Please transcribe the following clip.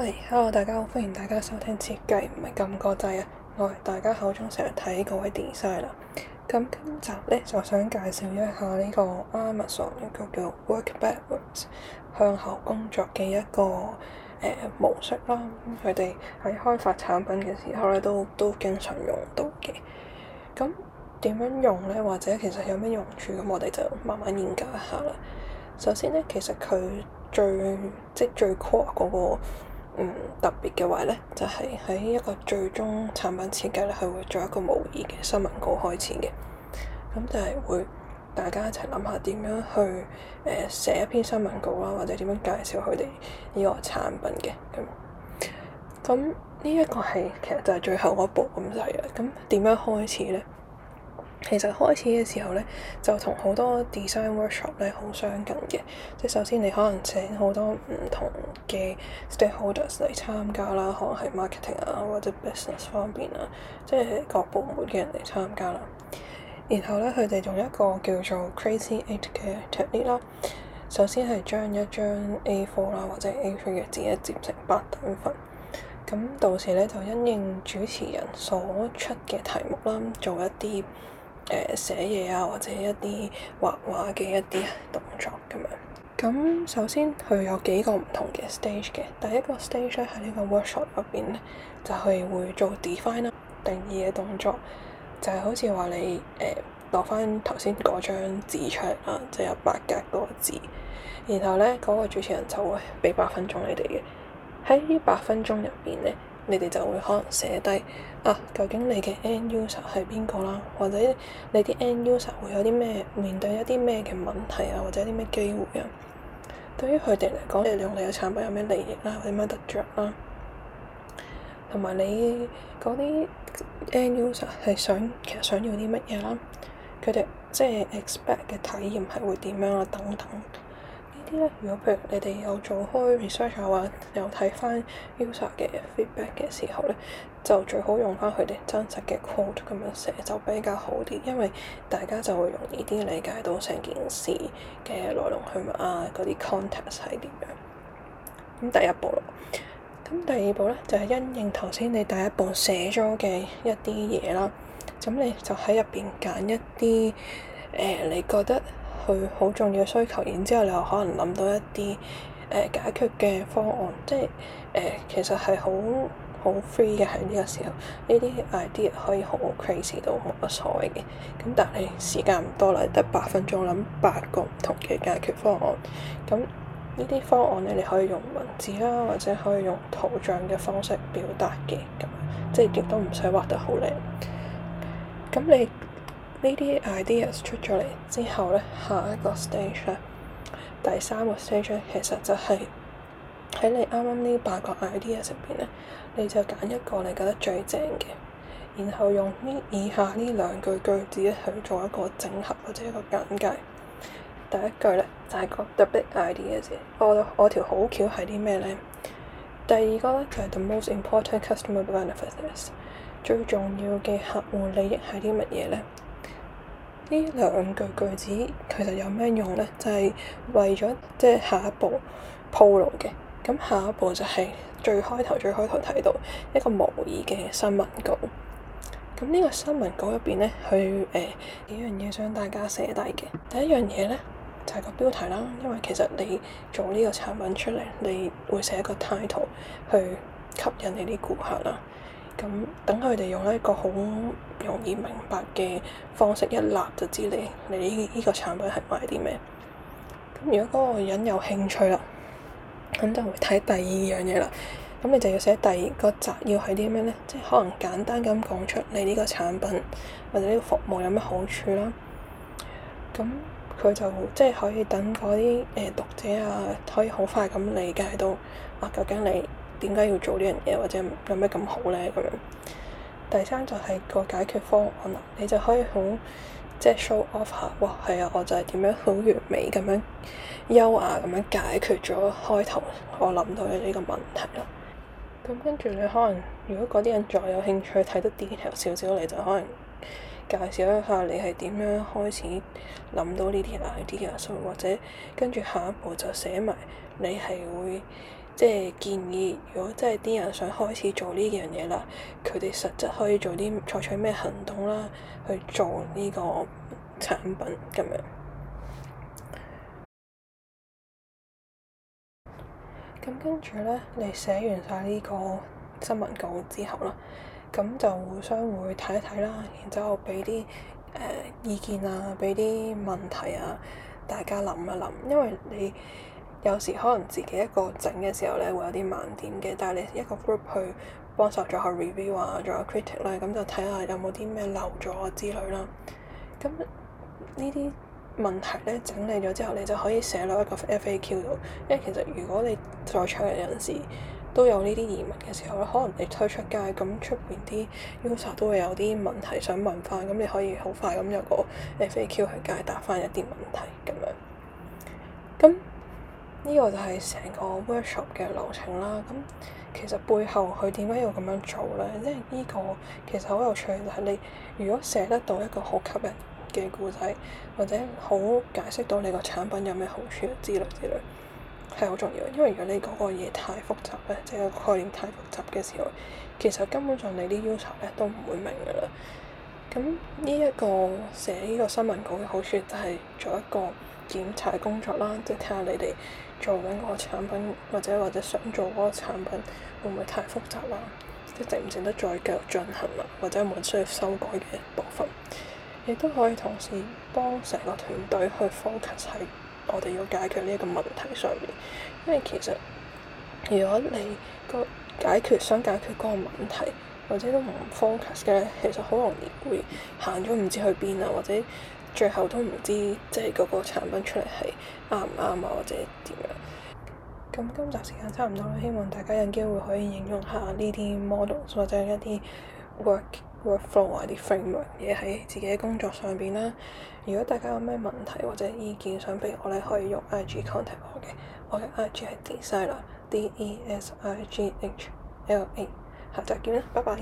Hey, hello, 大家好，歡迎大家收聽設計唔係咁國際啊。我係大家口中成日睇嗰位 designer 啦。咁今集咧就想介紹一下呢個 Amazon 一個叫 work backwards 向後工作嘅一個誒、呃、模式啦。佢哋喺開發產品嘅時候咧都都經常用到嘅。咁點樣用咧？或者其實有咩用處？咁我哋就慢慢研究一下啦。首先咧，其實佢最即最 core 嗰，那個。嗯、特別嘅話呢，就係、是、喺一個最終產品設計呢，係會做一個模擬嘅新聞稿開始嘅。咁就係會大家一齊諗下點樣去誒、呃、寫一篇新聞稿啦，或者點樣介紹佢哋呢個產品嘅。咁咁呢一個係其實就係最後嗰一步咁滯啦。咁點樣開始呢？其實開始嘅時候咧，就同好多 design workshop 咧好相近嘅，即係首先你可能請好多唔同嘅 stakeholders 嚟參加啦，可能係 marketing 啊或者 business 方面啊，即係各部門嘅人嚟參加啦。然後咧，佢哋仲有一個叫做 Crazy Eight 嘅 table 啦。首先係將一張 A4 啦、啊、或者 A3 嘅紙一折成八等份，咁到時咧就因應主持人所出嘅題目啦，做一啲。誒、呃、寫嘢啊，或者一啲畫畫嘅一啲動作咁樣。咁首先佢有幾個唔同嘅 stage 嘅。第一個 stage 咧，喺呢個 workshop 入邊咧，就係會做 define 啦，定義嘅動作，就係、是、好似話你誒攞翻頭先嗰張紙出嚟啊，就有、是、八格嗰個字。然後咧，嗰、那個主持人就會俾八分鐘你哋嘅。喺八分鐘入邊咧。你哋就會可能寫低啊，究竟你嘅 End User 係邊個啦，或者你啲 End User 會有啲咩面對一啲咩嘅問題啊，或者啲咩機會啊？對於佢哋嚟講，用你兩嚟嘅產品有咩利益啦、啊，或者啊、有咩得著啦？同埋你嗰啲 End User 係想其實想要啲乜嘢啦？佢哋即係 expect 嘅體驗係會點樣啦、啊？等等。如果譬如你哋有做開 research 嘅話，有睇翻 user 嘅 feedback 嘅時候咧，就最好用翻佢哋真實嘅 quote 咁樣寫，就比較好啲，因為大家就會容易啲理解到成件事嘅來龍去脈啊，嗰啲 context 係點樣。咁第一步咯，咁第二步咧就係、是、因應頭先你第一步寫咗嘅一啲嘢啦，咁你就喺入邊揀一啲誒、呃、你覺得佢好重要嘅需求，然之後你又可能諗到一啲誒、呃、解決嘅方案，即係誒、呃、其實係好好 free 嘅喺呢個時候，呢啲 idea 可以好 crazy 都冇乜所謂嘅。咁但係時間唔多啦，你得八分鐘諗八個唔同嘅解決方案。咁呢啲方案咧，你可以用文字啦，或者可以用圖像嘅方式表達嘅。咁即係亦都唔使畫得好靚。咁你？呢啲 ideas 出咗嚟之後咧，下一個 stage 咧，第三個 stage 其實就係喺你啱啱呢八個 idea 入邊咧，你就揀一個你覺得最正嘅，然後用呢以下呢兩句句子去做一個整合或者一個簡介。第一句咧就係、是、個 the big idea 先。我我條好橋係啲咩咧？第二個咧就係、是、the most important customer benefits，最重要嘅客戶利益係啲乜嘢咧？呢兩句句子其實有咩用呢？就係、是、為咗即係下一步鋪路嘅。咁下一步就係最開頭最開頭睇到一個模擬嘅新聞稿。咁呢個新聞稿入邊呢，佢誒、呃、幾樣嘢想大家寫低嘅。第一樣嘢呢，就係、是、個標題啦，因為其實你做呢個產品出嚟，你會寫一個 title 去吸引你啲顧客啦。咁等佢哋用一個好容易明白嘅方式一立，就知你你呢個產品係賣啲咩？咁如果嗰個人有興趣啦，咁就會睇第二樣嘢啦。咁你就要寫第二個摘要係啲咩咧？即係可能簡單咁講出你呢個產品或者呢個服務有咩好處啦。咁佢就即係可以等嗰啲誒讀者啊，可以好快咁理解到啊究竟你。點解要做呢樣嘢，或者有咩咁好呢？咁樣第三就係個解決方案啦，你就可以好即係 show off 下，哇係啊，我就係點樣好完美咁樣優雅咁樣解決咗開頭我諗到嘅呢個問題啦。咁跟住你可能，如果嗰啲人再有興趣睇得 detail 少少，你就可能介紹一下你係點樣開始諗到呢啲 idea。所以或者跟住下一步就寫埋你係會。即係建議，如果真係啲人想開始做呢樣嘢啦，佢哋實質可以做啲採取咩行動啦，去做呢個產品咁樣。咁跟住咧，你寫完晒呢個新聞稿之後啦，咁就互相會睇一睇啦，然之後俾啲誒意見啊，俾啲問題啊，大家諗一諗，因為你。有時可能自己一個整嘅時候咧，會有啲盲點嘅，但係你一個 group 去幫手做下 review 啊，做下 critic 咧，咁就睇下有冇啲咩漏咗啊之類啦。咁呢啲問題咧，整理咗之後，你就可以寫落一個 FAQ 度。因為其實如果你在場嘅人士都有呢啲疑問嘅時候咧，可能你推出街，咁出邊啲 user 都會有啲問題想問翻，咁你可以好快咁有個 FAQ 去解答翻一啲問題咁樣。咁呢個就係成個 workshop 嘅流程啦，咁其實背後佢點解要咁樣做咧？因為呢個其實好有趣，就係你如果寫得到一個好吸引嘅故仔，或者好解釋到你個產品有咩好處之類之類，係好重要。因為如果你嗰個嘢太複雜咧，即係概念太複雜嘅時候，其實根本上你啲要求咧都唔會明噶啦。咁呢一個寫呢個新聞稿嘅好處就係做一個檢查工作啦，即係睇下你哋做緊嗰個產品，或者或者想做嗰個產品會唔會太複雜啦？即值唔值得再繼續進行啦？或者有冇需要修改嘅部分，亦都可以同時幫成個團隊去 focus 喺我哋要解決呢一個問題上面。因為其實如果你個解決想解決嗰個問題，或者都唔 focus 嘅，其實好容易會行咗唔知去邊啊，或者～最後都唔知即係嗰個產品出嚟係啱唔啱啊，或者點樣啊？咁今集時間差唔多啦，希望大家有機會可以應用下呢啲 models 或者一啲 work workflow 啊啲 framework 嘢喺自己嘅工作上邊啦。如果大家有咩問題或者意見，想俾我咧，可以用 IG contact 我嘅，我嘅 IG 係 designer d e s i g h l a，下集見啦，拜拜。